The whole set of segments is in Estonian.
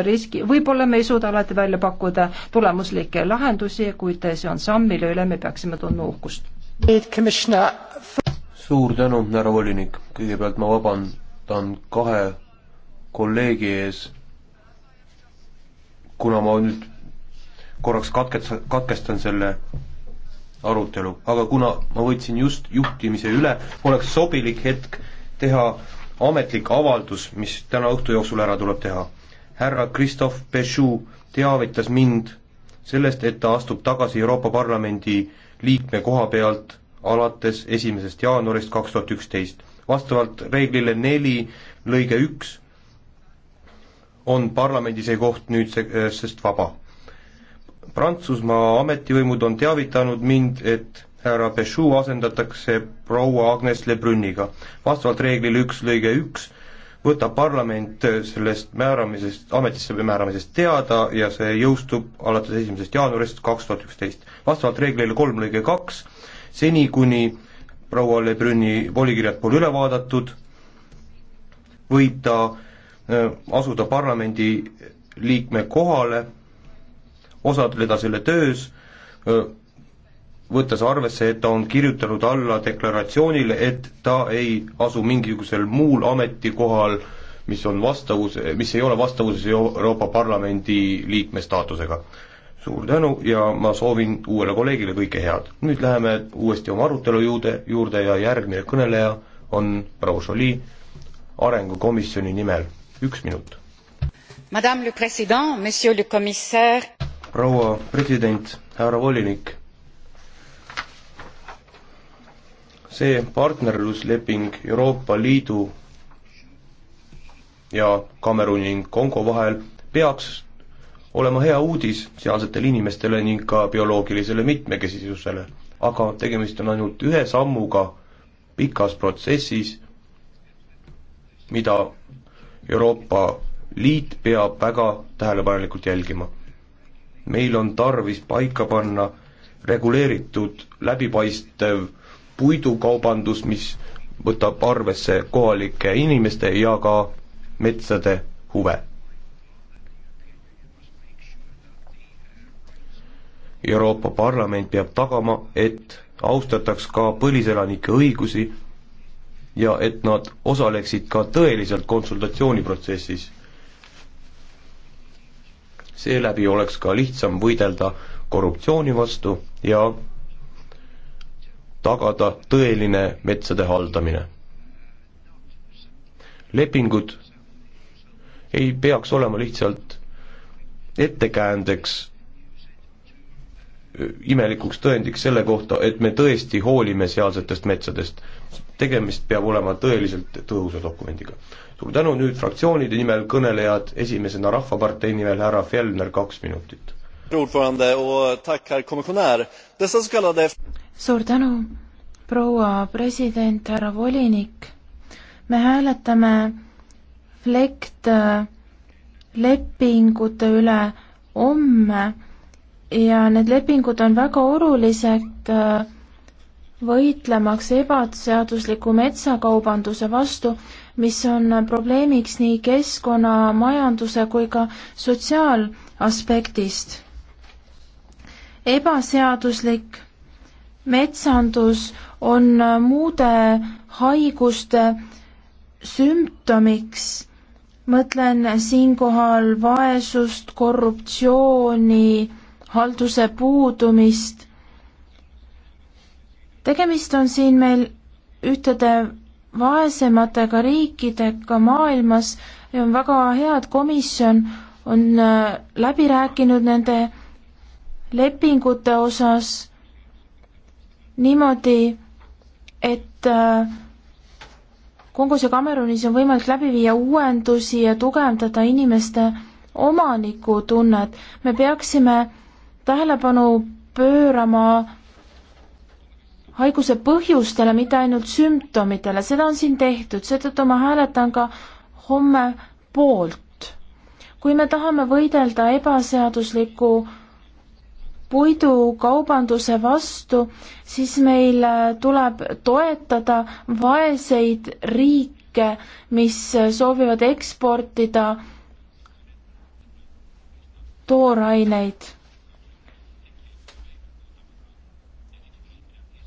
riski, võib-olla me ei suuda alati välja pakkuda tulemuslikke lahendusi, kuid see on samm, mille üle me peaksime tundma uhkust. suur tänu, härra volinik, kõigepealt ma vabandan kahe kolleegi ees, kuna ma nüüd korraks katkes-, katkestan selle arutelu, aga kuna ma võtsin just juhtimise üle, oleks sobilik hetk teha ametlik avaldus, mis täna õhtu jooksul ära tuleb teha härra Christophe Pechou teavitas mind sellest, et ta astub tagasi Euroopa Parlamendi liikme koha pealt alates esimesest jaanuarist kaks tuhat üksteist. vastavalt reeglile neli lõige üks on parlamendi see koht nüüdsest äh, vaba. Prantsusmaa ametivõimud on teavitanud mind, et härra Pechou asendatakse proua Agnes Lebruniga. vastavalt reeglile üks lõige üks võtab parlament sellest määramisest, ametisse määramisest teada ja see jõustub alates esimesest jaanuarist kaks tuhat üksteist. vastavalt reeglile kolm lõige kaks, seni kuni proua Le Brüni volikirjad pole üle vaadatud, võib ta äh, asuda parlamendi liikme kohale, osaleda selle töös, äh, võttes arvesse, et ta on kirjutanud alla deklaratsioonile, et ta ei asu mingisugusel muul ametikohal, mis on vastavus, mis ei ole vastavuses Euroopa Parlamendi liikme staatusega. suur tänu ja ma soovin uuele kolleegile kõike head. nüüd läheme uuesti oma arutelu juurde, juurde ja järgmine kõneleja on proua Jolie arengukomisjoni nimel, üks minut. proua president, härra volinik see partnerlusleping Euroopa Liidu ja Kameruni ning Kongo vahel peaks olema hea uudis sealsetele inimestele ning ka bioloogilisele mitmekesisusele, aga tegemist on ainult ühe sammuga pikas protsessis, mida Euroopa Liit peab väga tähelepanelikult jälgima. meil on tarvis paika panna reguleeritud, läbipaistev puidukaubandus, mis võtab arvesse kohalike inimeste ja ka metsade huve. Euroopa Parlament peab tagama, et austataks ka põliselanike õigusi ja et nad osaleksid ka tõeliselt konsultatsiooniprotsessis. seeläbi oleks ka lihtsam võidelda korruptsiooni vastu ja tagada tõeline metsade haldamine. lepingud ei peaks olema lihtsalt ettekäändeks, imelikuks tõendiks selle kohta, et me tõesti hoolime sealsetest metsadest. tegemist peab olema tõeliselt tõhusa dokumendiga. suur tänu, nüüd fraktsioonide nimel kõnelejad, esimesena Rahvapartei nimel härra Fjellner, kaks minutit suur tänu, proua president, härra volinik. me hääletame FLECT äh, lepingute üle homme ja need lepingud on väga olulised äh, võitlemaks ebaseadusliku metsakaubanduse vastu, mis on probleemiks nii keskkonna, majanduse kui ka sotsiaalaspektist. ebaseaduslik metsandus on muude haiguste sümptomiks. mõtlen siinkohal vaesust, korruptsiooni, halduse puudumist. tegemist on siin meil ühtede vaesematega riikidega maailmas ja on väga hea, et komisjon on äh, läbi rääkinud nende lepingute osas niimoodi, et äh, Kongos ja Kamerunis on võimalik läbi viia uuendusi ja tugevdada inimeste omanikutunnet. me peaksime tähelepanu pöörama haiguse põhjustele, mitte ainult sümptomitele, seda on siin tehtud, seetõttu ma hääletan ka homme poolt. kui me tahame võidelda ebaseadusliku puidukaubanduse vastu, siis meil äh, tuleb toetada vaeseid riike, mis äh, soovivad eksportida tooraineid.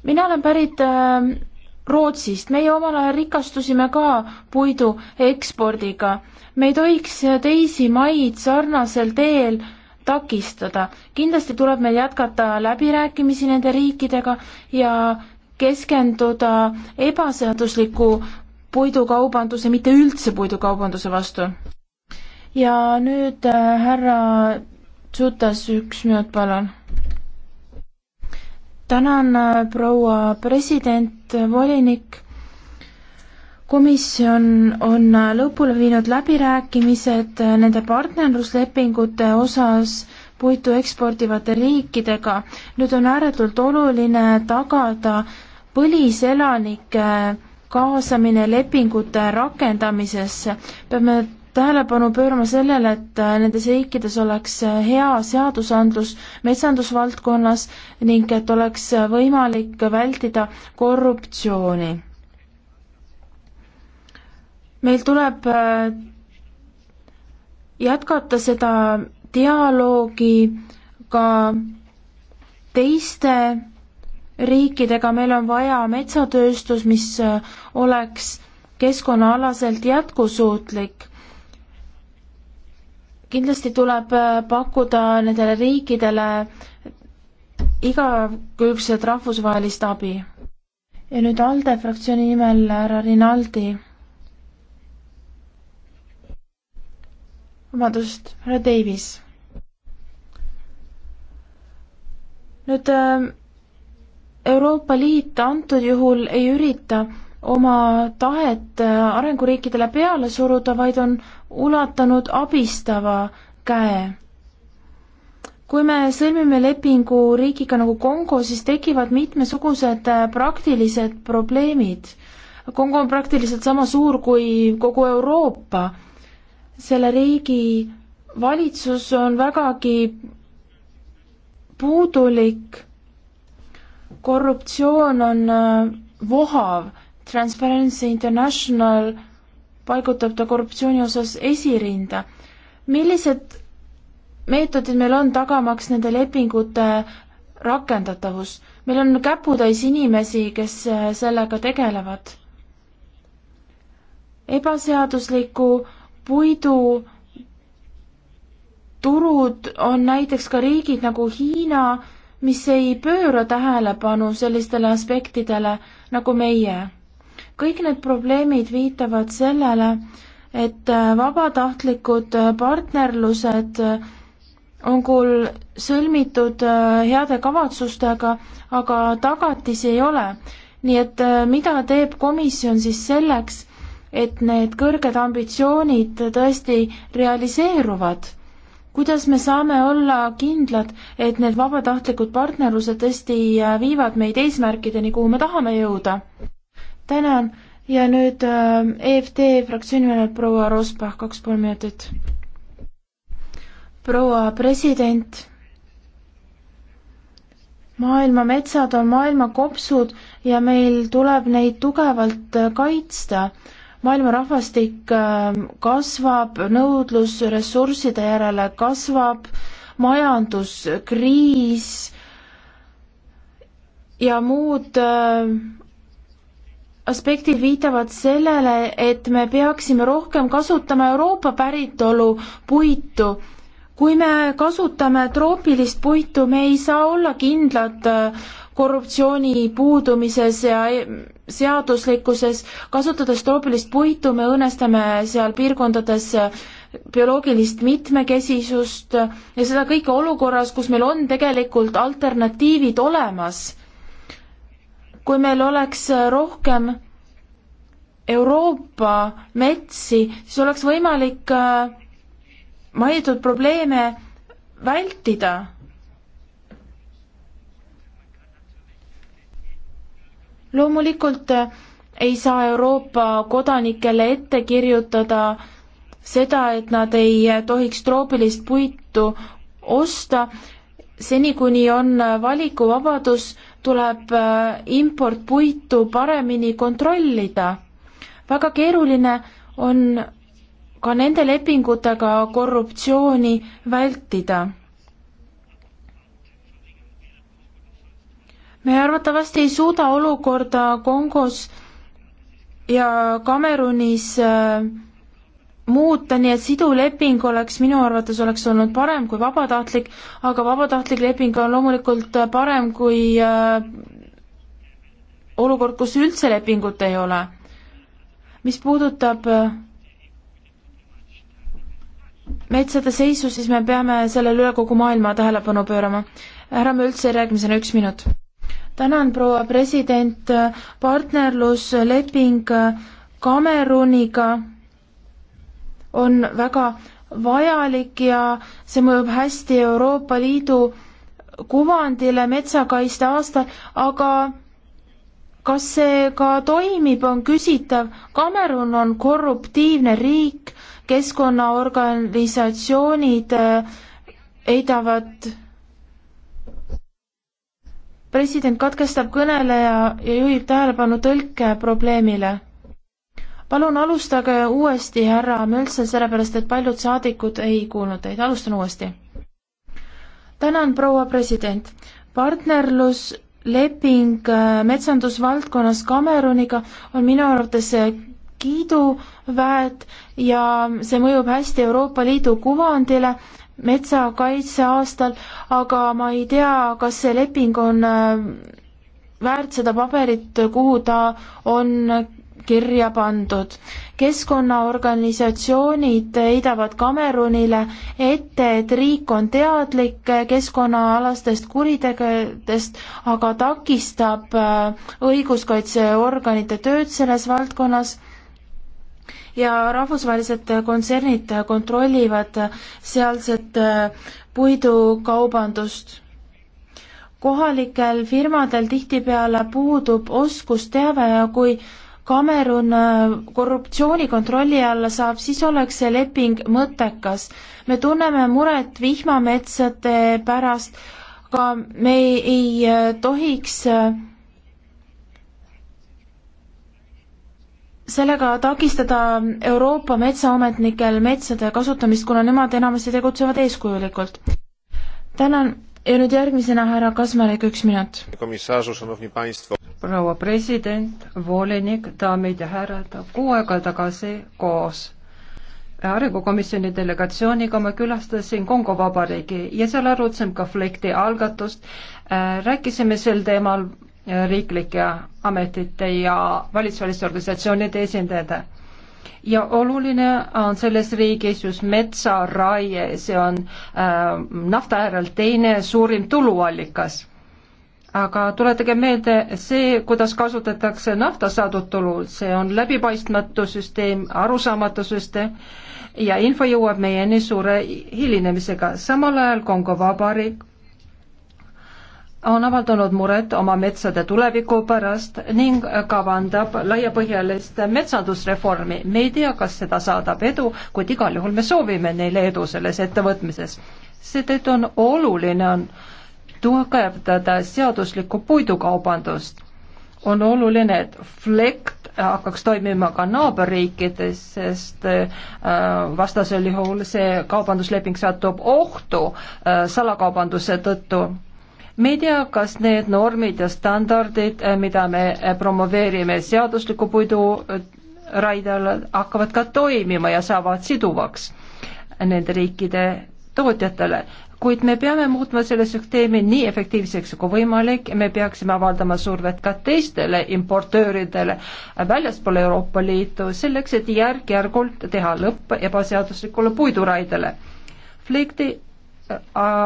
mina olen pärit ähm, Rootsist, meie omal ajal rikastusime ka puidu ekspordiga. me ei tohiks äh, teisi maid sarnasel teel takistada. kindlasti tuleb meil jätkata läbirääkimisi nende riikidega ja keskenduda ebaseadusliku puidukaubanduse, mitte üldse puidukaubanduse vastu. ja nüüd äh, härra Tsutas, üks minut, palun. tänan äh,, proua president, volinik komisjon on lõpule viinud läbirääkimised nende partnerluslepingute osas puitu eksportivate riikidega. nüüd on ääretult oluline tagada põliselanike kaasamine lepingute rakendamisesse. peame tähelepanu pöörama sellele, et nendes riikides oleks hea seadusandlus metsandusvaldkonnas ning et oleks võimalik vältida korruptsiooni meil tuleb äh, jätkata seda dialoogi ka teiste riikidega, meil on vaja metsatööstus, mis äh, oleks keskkonnaalaselt jätkusuutlik. kindlasti tuleb äh, pakkuda nendele riikidele igakülgset rahvusvahelist abi. ja nüüd ALDE fraktsiooni nimel härra Rinaldi vabandust, härra Davis. nüüd ähm, Euroopa Liit antud juhul ei ürita oma tahet äh, arenguriikidele peale suruda, vaid on ulatanud abistava käe. kui me sõlmime lepingu riigiga nagu Kongo, siis tekivad mitmesugused äh, praktilised probleemid. Kongo on praktiliselt sama suur kui kogu Euroopa selle riigi valitsus on vägagi puudulik, korruptsioon on äh, vohav, Transparency International paigutab ta korruptsiooni osas esirinda. millised meetodid meil on tagamaks nende lepingute rakendatavus? meil on käputäis inimesi, kes äh, sellega tegelevad. ebaseadusliku puidu turud on näiteks ka riigid nagu Hiina, mis ei pööra tähelepanu sellistele aspektidele nagu meie. kõik need probleemid viitavad sellele, et vabatahtlikud partnerlused on küll sõlmitud heade kavatsustega, aga tagatisi ei ole. nii et eh, mida teeb komisjon siis selleks, et need kõrged ambitsioonid tõesti realiseeruvad? kuidas me saame olla kindlad, et need vabatahtlikud partnerlused tõesti viivad meid eesmärkideni, kuhu me tahame jõuda? tänan ja nüüd äh, EFT fraktsiooni nimel proua Rosbach, kaks pool minutit. proua president, maailma metsad on maailma kopsud ja meil tuleb neid tugevalt kaitsta maailma rahvastik ähm, kasvab, nõudlus ressursside järele kasvab, majanduskriis ja muud ähm, aspektid viitavad sellele, et me peaksime rohkem kasutama Euroopa päritolu puitu. kui me kasutame troopilist puitu, me ei saa olla kindlad äh, korruptsiooni puudumises ja e-, seaduslikkuses. kasutades troopilist puitu, me õõnestame seal piirkondades bioloogilist mitmekesisust ja seda kõike olukorras, kus meil on tegelikult alternatiivid olemas. kui meil oleks rohkem Euroopa metsi, siis oleks võimalik äh, mainitud probleeme vältida loomulikult äh, ei saa Euroopa kodanikele ette kirjutada seda, et nad ei äh, tohiks troopilist puitu osta, seni kuni on äh, valikuvabadus, tuleb importpuitu paremini kontrollida. väga keeruline on ka nende lepingutega korruptsiooni vältida me arvatavasti ei suuda olukorda Kongos ja Kamerunis äh, muuta, nii et siduv leping oleks minu arvates, oleks olnud parem kui vabatahtlik, aga vabatahtlik leping on loomulikult parem kui äh, olukord, kus üldse lepingut ei ole. mis puudutab äh, metsade seisu, siis me peame sellele üle kogu maailma tähelepanu pöörama. härra Möltser, järgmisena üks minut tänan, proua president, partnerlusleping Kameruniga on väga vajalik ja see mõjub hästi Euroopa Liidu kuvandile metsakaitse aastal, aga kas see ka toimib, on küsitav. Kamerun on korruptiivne riik, keskkonnaorganisatsioonid eh, heidavad äh, president katkestab kõneleja ja juhib tähelepanu tõlkeprobleemile. palun alustage uuesti, härra Möltsel, sellepärast et paljud saadikud ei kuulnud teid, alustan uuesti. tänan, proua president. partnerlusleping äh, metsandusvaldkonnas Kameruniga on minu arvates äh, kiiduväärt ja see mõjub hästi Euroopa Liidu kuvandile metsakaitse aastal, aga ma ei tea, kas see leping on äh, väärt seda paberit, kuhu ta on kirja pandud. keskkonnaorganisatsioonid heidavad Kamerunile ette, et riik on teadlik keskkonnaalastest kuritegudest, aga takistab äh, õiguskaitseorganite tööd selles valdkonnas ja rahvusvahelised kontsernid kontrollivad sealset äh, puidukaubandust. kohalikel firmadel tihtipeale puudub oskusteave ja kui Kamerun äh, korruptsiooni kontrolli alla saab, siis oleks see leping mõttekas. me tunneme muret vihmametsade pärast, aga me ei, ei äh, tohiks äh, sellega takistada Euroopa metsaametnikel metsade kasutamist, kuna nemad enamasti tegutsevad eeskujulikult. tänan ja nüüd järgmisena härra Kasmarek, üks minut. proua president, volinik, daamid ja härrad, kuu aega tagasi koos arengukomisjoni delegatsiooniga ma külastasin Kongo Vabariigi ja seal arutasime konflikti algatust äh,, rääkisime sel teemal riiklike ametite ja valitsusväliste organisatsioonide esindajad. ja oluline on selles riigis just metsaraie, see on äh, nafta äärel teine suurim tuluallikas. aga tuletage meelde see, kuidas kasutatakse nafta saadud tulu, see on läbipaistmatu süsteem, arusaamatu süsteem ja info jõuab meieni suure hilinemisega, samal ajal Kongo Vabariik on avaldanud muret oma metsade tuleviku pärast ning kavandab laiapõhjalist metsandusreformi. me ei tea, kas seda saadab edu, kuid igal juhul me soovime neile edu selles ettevõtmises. seetõttu on oluline on tugevdada seaduslikku puidukaubandust. on oluline, et flekt hakkaks toimima ka naaberriikides, sest äh, vastasel juhul see kaubandusleping satub ohtu äh, salakaubanduse tõttu me ei tea, kas need normid ja standardid, äh, mida me äh, promoveerime seadusliku puidu äh, raidel, hakkavad ka toimima ja saavad siduvaks nende riikide tootjatele, kuid me peame muutma selle süsteemi nii efektiivseks kui võimalik, me peaksime avaldama survet ka teistele importööridele väljaspool Euroopa Liitu, selleks et järk-järgult teha lõpp ebaseaduslikule puiduraidele. Flikti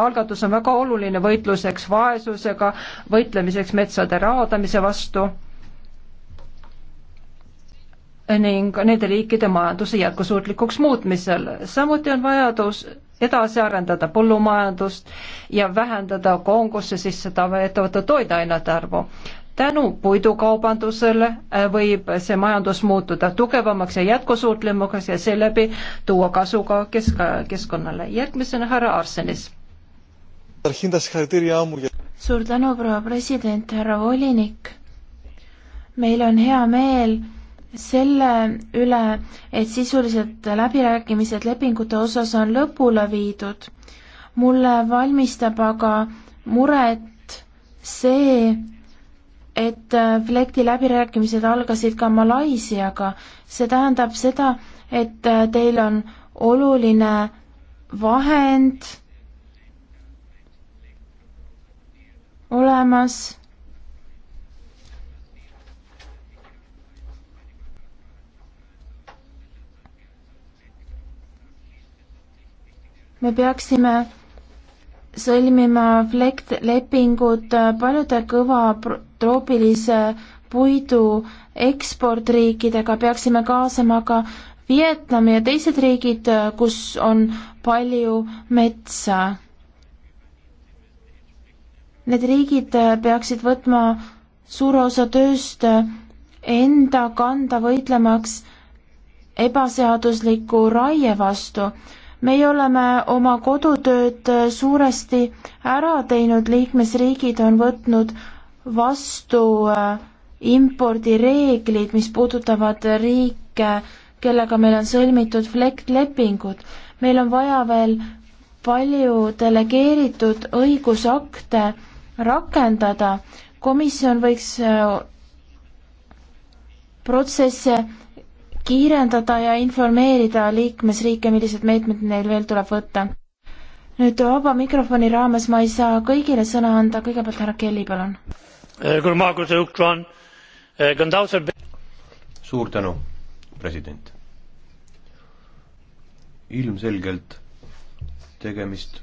algatus on väga oluline võitluseks vaesusega, võitlemiseks metsade raadamise vastu ning nende riikide majanduse jätkusuutlikuks muutmisel. samuti on vajadus edasi arendada põllumajandust ja vähendada Kongosse sisse tavaettevõtte toiduainete arvu tänu puidukaubandusele äh, võib see majandus muutuda tugevamaks ja jätkusuutlikumaks ja seeläbi tuua kasu ka kesk-, keskkonnale. järgmisena härra Arsenis. suur tänu, proua president, härra volinik. meil on hea meel selle üle, et sisuliselt läbirääkimised lepingute osas on lõpule viidud. mulle valmistab aga muret see, et äh, Flekti läbirääkimised algasid ka Malaisiaga. see tähendab seda, et äh, teil on oluline vahend olemas. me peaksime sõlmima flekt lepingud äh, paljude kõva troopilise puidu eksportriikidega, peaksime kaasama ka Vietnami ja teised riigid, äh, kus on palju metsa. Need riigid äh, peaksid võtma suure osa tööst enda kanda võitlemaks ebaseadusliku raie vastu meie oleme oma kodutööd äh, suuresti ära teinud, liikmesriigid on võtnud vastu äh, impordireeglid, mis puudutavad riike, kellega meil on sõlmitud flektlepingud. meil on vaja veel palju delegeeritud õigusakte rakendada. komisjon võiks äh, protsesse kiirendada ja informeerida liikmesriike, millised meetmed neil veel tuleb võtta. nüüd vaba mikrofoni raames ma ei saa kõigile sõna anda, kõigepealt härra Kelly, palun. suur tänu, president. ilmselgelt tegemist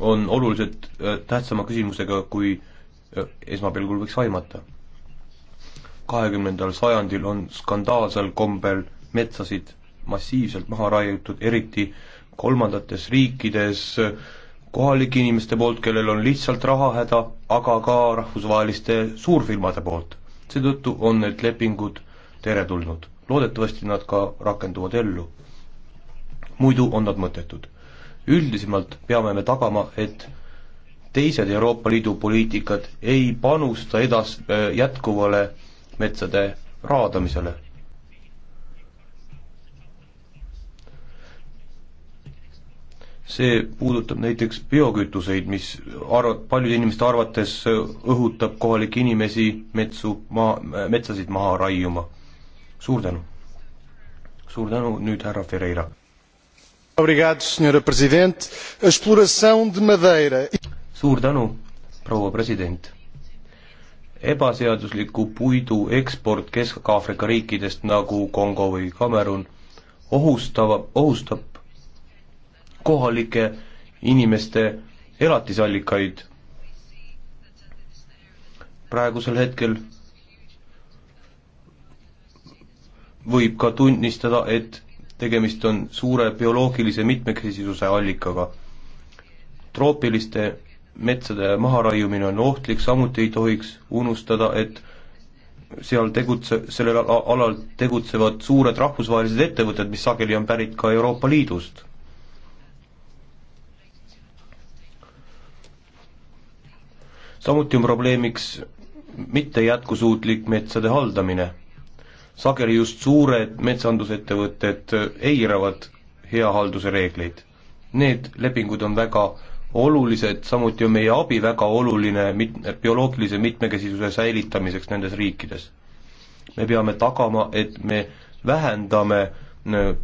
on oluliselt äh, tähtsama küsimusega, kui äh, esmapilgul võiks aimata kahekümnendal sajandil on skandaalsel kombel metsasid massiivselt maha raiutud, eriti kolmandates riikides kohalike inimeste poolt, kellel on lihtsalt rahahäda, aga ka rahvusvaheliste suurfirmade poolt. seetõttu on need lepingud teretulnud. loodetavasti nad ka rakenduvad ellu. muidu on nad mõttetud. üldisemalt peame me tagama, et teised Euroopa Liidu poliitikad ei panusta edas-, jätkuvale metsade raadamisele. see puudutab näiteks biokütuseid, mis arv-, paljude inimeste arvates õhutab kohalikke inimesi metsu maa, metsasid maha raiuma. suur tänu! suur tänu, nüüd härra Ferreira! senhora presidente a exploração de madeira. E suur tänu proua president ebaseadusliku puidu eksport Kesk-Aafrika riikidest nagu Kongo või Kamerun ohustab, ohustab kohalike inimeste elatisallikaid. praegusel hetkel võib ka tunnistada, et tegemist on suure bioloogilise mitmekesisuse allikaga. troopiliste metsade maharaiumine on ohtlik, samuti ei tohiks unustada, et seal tegutse, sellel alal tegutsevad suured rahvusvahelised ettevõtted, mis sageli on pärit ka Euroopa Liidust. samuti on probleemiks mitte jätkusuutlik metsade haldamine. sageli just suured metsandusettevõtted eiravad hea halduse reegleid. Need lepingud on väga olulised, samuti on meie abi väga oluline mit-, bioloogilise mitmekesisuse säilitamiseks nendes riikides. me peame tagama, et me vähendame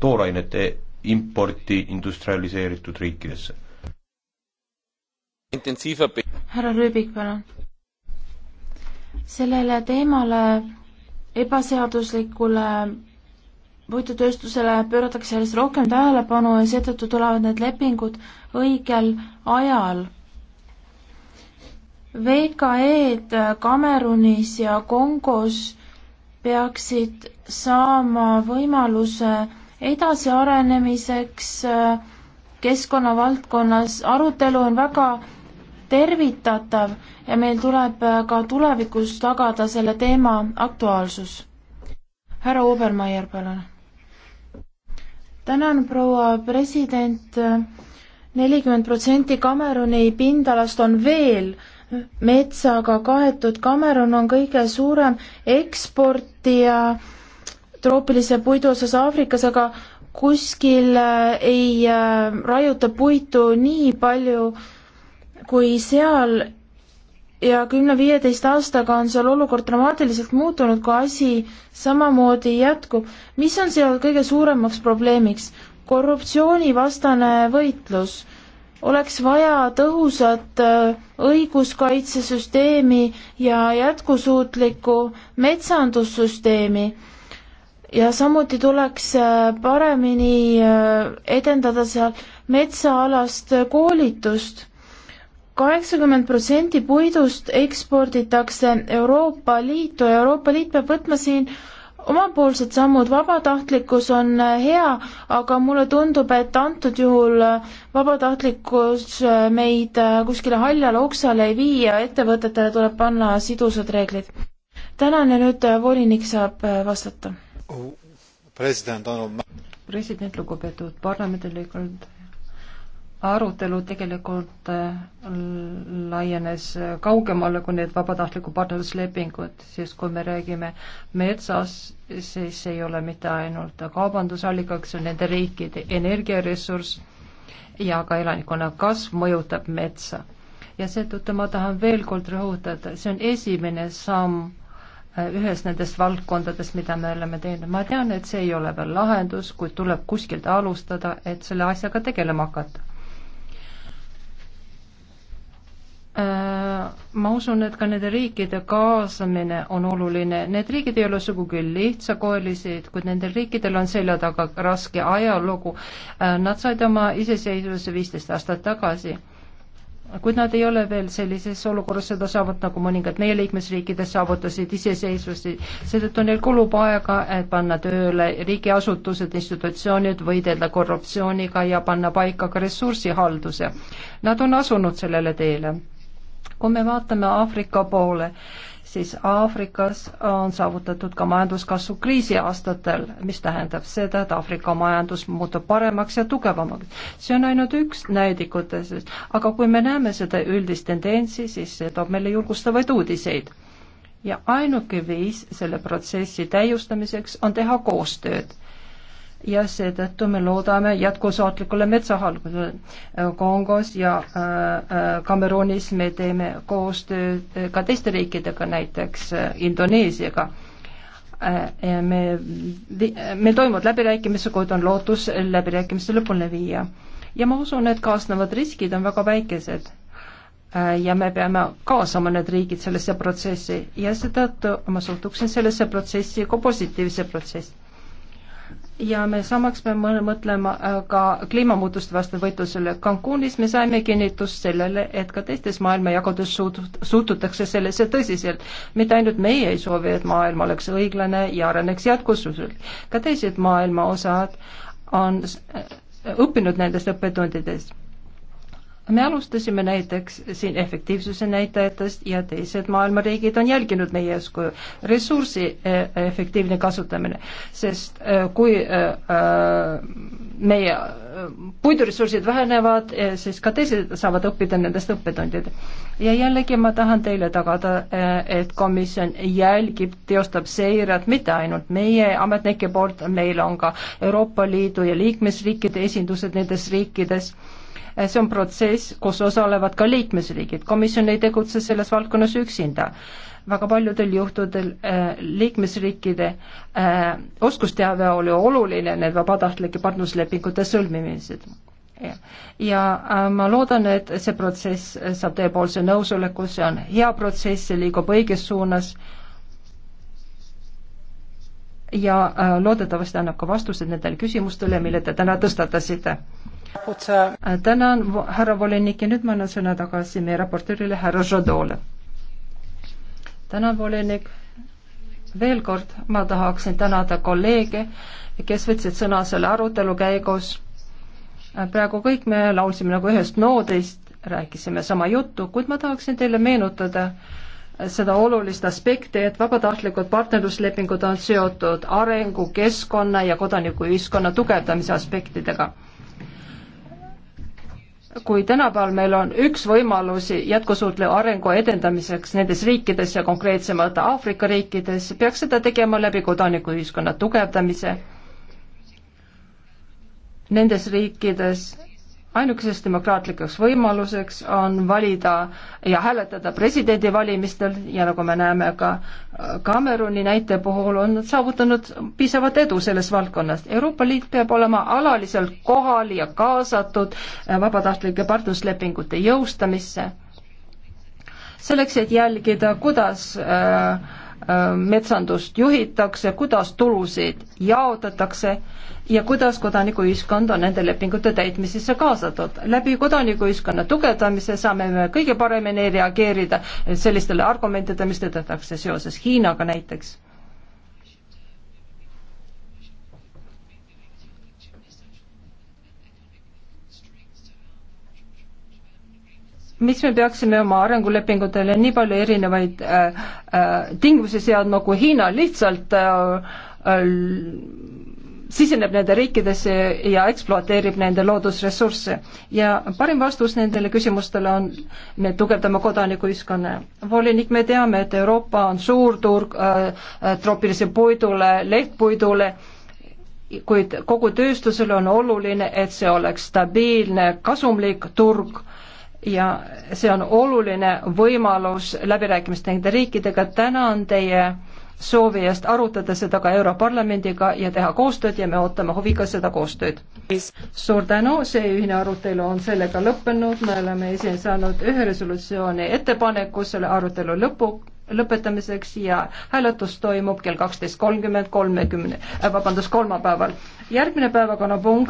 toorainete importi industrialiseeritud riikidesse. härra Rüübik, palun. sellele teemale ebaseaduslikule puidutööstusele pööratakse järjest rohkem tähelepanu ja seetõttu tulevad need lepingud õigel ajal. VKE-d Kamerunis ja Kongos peaksid saama võimaluse edasiarenemiseks äh, keskkonna valdkonnas. arutelu on väga tervitatav ja meil tuleb äh, ka tulevikus tagada selle teema aktuaalsus. härra Obermeier, palun tänan, proua president. nelikümmend protsenti Kameruni pindalast on veel metsaga kaetud. Kamerun on kõige suurem eksportija troopilise puidu osas Aafrikas, aga kuskil äh, ei äh, raiuta puitu nii palju kui seal ja kümne-viieteist aastaga on seal olukord dramaatiliselt muutunud, kui asi samamoodi jätkub. mis on seal kõige suuremaks probleemiks? korruptsioonivastane võitlus. oleks vaja tõhusat äh, õiguskaitsesüsteemi ja jätkusuutlikku metsandussüsteemi. ja samuti tuleks äh, paremini äh, edendada seal metsaalast koolitust kaheksakümmend protsenti puidust eksporditakse Euroopa Liitu ja Euroopa Liit peab võtma siin omapoolsed sammud, vabatahtlikkus on äh, hea, aga mulle tundub, et antud juhul äh, vabatahtlikkus äh, meid kuskile haljale oksale ei vii ja ettevõtetele tuleb panna sidusad reeglid. tänan ja nüüd volinik saab vastata. Oh, president, lugupeetud parlamendiliikmed arutelu tegelikult äh, laienes kaugemale kui need vabatahtliku partnerluslepingud, sest kui me räägime metsas, siis ei ole mitte ainult kaubandusallikaks, see on nende riikide energiaressurss ja ka elanikkonna kasv mõjutab metsa. ja seetõttu ma tahan veel kord rõhutada, see on esimene samm äh, ühes nendest valdkondadest, mida me oleme teinud. ma tean, et see ei ole veel lahendus, kuid tuleb kuskilt alustada, et selle asjaga tegelema hakata Äh, ma usun, et ka nende riikide kaasamine on oluline. Need riigid ei ole sugugi lihtsakoelised, kuid nendel riikidel on selja taga raske ajalugu. Äh, nad said oma iseseisvuse viisteist aastat tagasi. kuid nad ei ole veel sellises olukorras seda saavutanud, nagu mõningad meie liikmesriikides saavutasid iseseisvusi. seetõttu neil kulub aega, et panna tööle riigiasutused, institutsioonid, võidelda korruptsiooniga ja panna paika ka ressursihalduse. Nad on asunud sellele teele kui me vaatame Aafrika poole, siis Aafrikas on saavutatud ka majanduskasvu kriisiaastatel, mis tähendab seda, et Aafrika majandus muutub paremaks ja tugevamaks. see on ainult üks näidikutest, aga kui me näeme seda üldist tendentsi, siis see toob meile julgustavaid uudiseid. ja ainuke viis selle protsessi täiustamiseks on teha koostööd ja seetõttu me loodame jätkusuutlikule metsahalgusele. Äh, Kongos ja äh, äh, Kameruunis me teeme koostööd ka teiste riikidega, näiteks Indoneesiaga. me, meil toimuvad läbirääkimised, kuid on lootus läbirääkimiste lõpule viia. ja ma usun, et kaasnevad riskid on väga väikesed ja me peame kaasama need riigid sellesse protsessi ja seetõttu ma suhtuksin sellesse protsessi kui positiivse protsessi ja me samaks peame mõtlema äh, ka kliimamuutuste vastu võitlusele. Cancunis me saime kinnitust sellele, et ka teistes maailma jagades suhtutakse sellesse tõsiselt. mitte ainult meie ei soovi, et maailm oleks õiglane ja areneks jätkususelt. ka teised maailma osad on õppinud nendest õppetundidest me alustasime näiteks siin efektiivsuse näitajatest ja teised maailma riigid on jälginud meie eeskuju, ressursi eh, efektiivne kasutamine, sest eh, kui eh, meie puiduressursid vähenevad, siis ka teised saavad õppida nendest õppetundidest. ja jällegi ma tahan teile tagada, et komisjon jälgib, teostab seiret mitte ainult meie ametnike poolt, meil on ka Euroopa Liidu ja liikmesriikide esindused nendes riikides see on protsess, kus osalevad ka liikmesriigid, komisjon ei tegutse selles valdkonnas üksinda väga paljudel juhtudel äh, liikmesriikide äh, oskusteave oli oluline need vabatahtlike partnerluslepingute sõlmimised. ja, ja äh, ma loodan, et see protsess saab teiepoolse nõusoleku, see on hea protsess, see liigub õiges suunas ja äh, loodetavasti annab ka vastused nendele küsimustele, mille te täna tõstatasite tänan, härra volinik ja nüüd ma annan sõna tagasi meie raportöörile härra Žadole. tänan, volinik. veel kord ma tahaksin tänada kolleege, kes võtsid sõna selle arutelu käigus. peaaegu kõik me laulsime nagu ühest noodist, rääkisime sama juttu, kuid ma tahaksin teile meenutada, seda olulist aspekti, et vabatahtlikud partnerluslepingud on seotud arengu, keskkonna ja kodanikuühiskonna tugevdamise aspektidega kui tänapäeval meil on üks võimalusi jätkusuutliku arengu edendamiseks nendes riikides ja konkreetsemalt Aafrika riikides, peaks seda tegema läbi kodanikuühiskonna tugevdamise nendes riikides ainukeseks demokraatlikuks võimaluseks on valida ja hääletada presidendivalimistel ja nagu me näeme ka Kameruni äh, näite puhul on nad saavutanud piisavat edu selles valdkonnas. Euroopa Liit peab olema alaliselt kohal ja kaasatud äh, vabatahtlike partnerluslepingute jõustamisse, selleks et jälgida, kuidas äh, Äh, metsandust juhitakse, kuidas tulusid jaotatakse ja kuidas kodanikuühiskond on nende lepingute täitmisesse kaasatud. läbi kodanikuühiskonna tugevdamise saame me kõige paremini reageerida sellistele argumentidele, mis tõdetakse seoses Hiinaga näiteks miks me peaksime oma arengulepingutele nii palju erinevaid äh, äh, tingimusi seadma, kui Hiina lihtsalt äh, äh, siseneb nende riikidesse ja ekspluateerib nende loodusressursse. ja parim vastus nendele küsimustele on, me tugevdame kodanikuühiskonna. volinik, me teame, et Euroopa on suur turg äh, äh troopilisele puidule, lehtpuidule kuid kogu tööstusele on oluline, et see oleks stabiilne, kasumlik turg ja see on oluline võimalus läbirääkimist nende riikidega. tänan teie soovi eest arutada seda ka Europarlamendiga ja teha koostööd ja me ootame huviga seda koostööd. suur tänu, see ühine arutelu on sellega lõppenud, me oleme ise saanud ühe resolutsiooni ettepaneku selle arutelu lõpu, lõpetamiseks ja hääletus toimub kell kaksteist kolmkümmend kolmekümne, äh, vabandust, kolmapäeval. järgmine päevakonnapunkt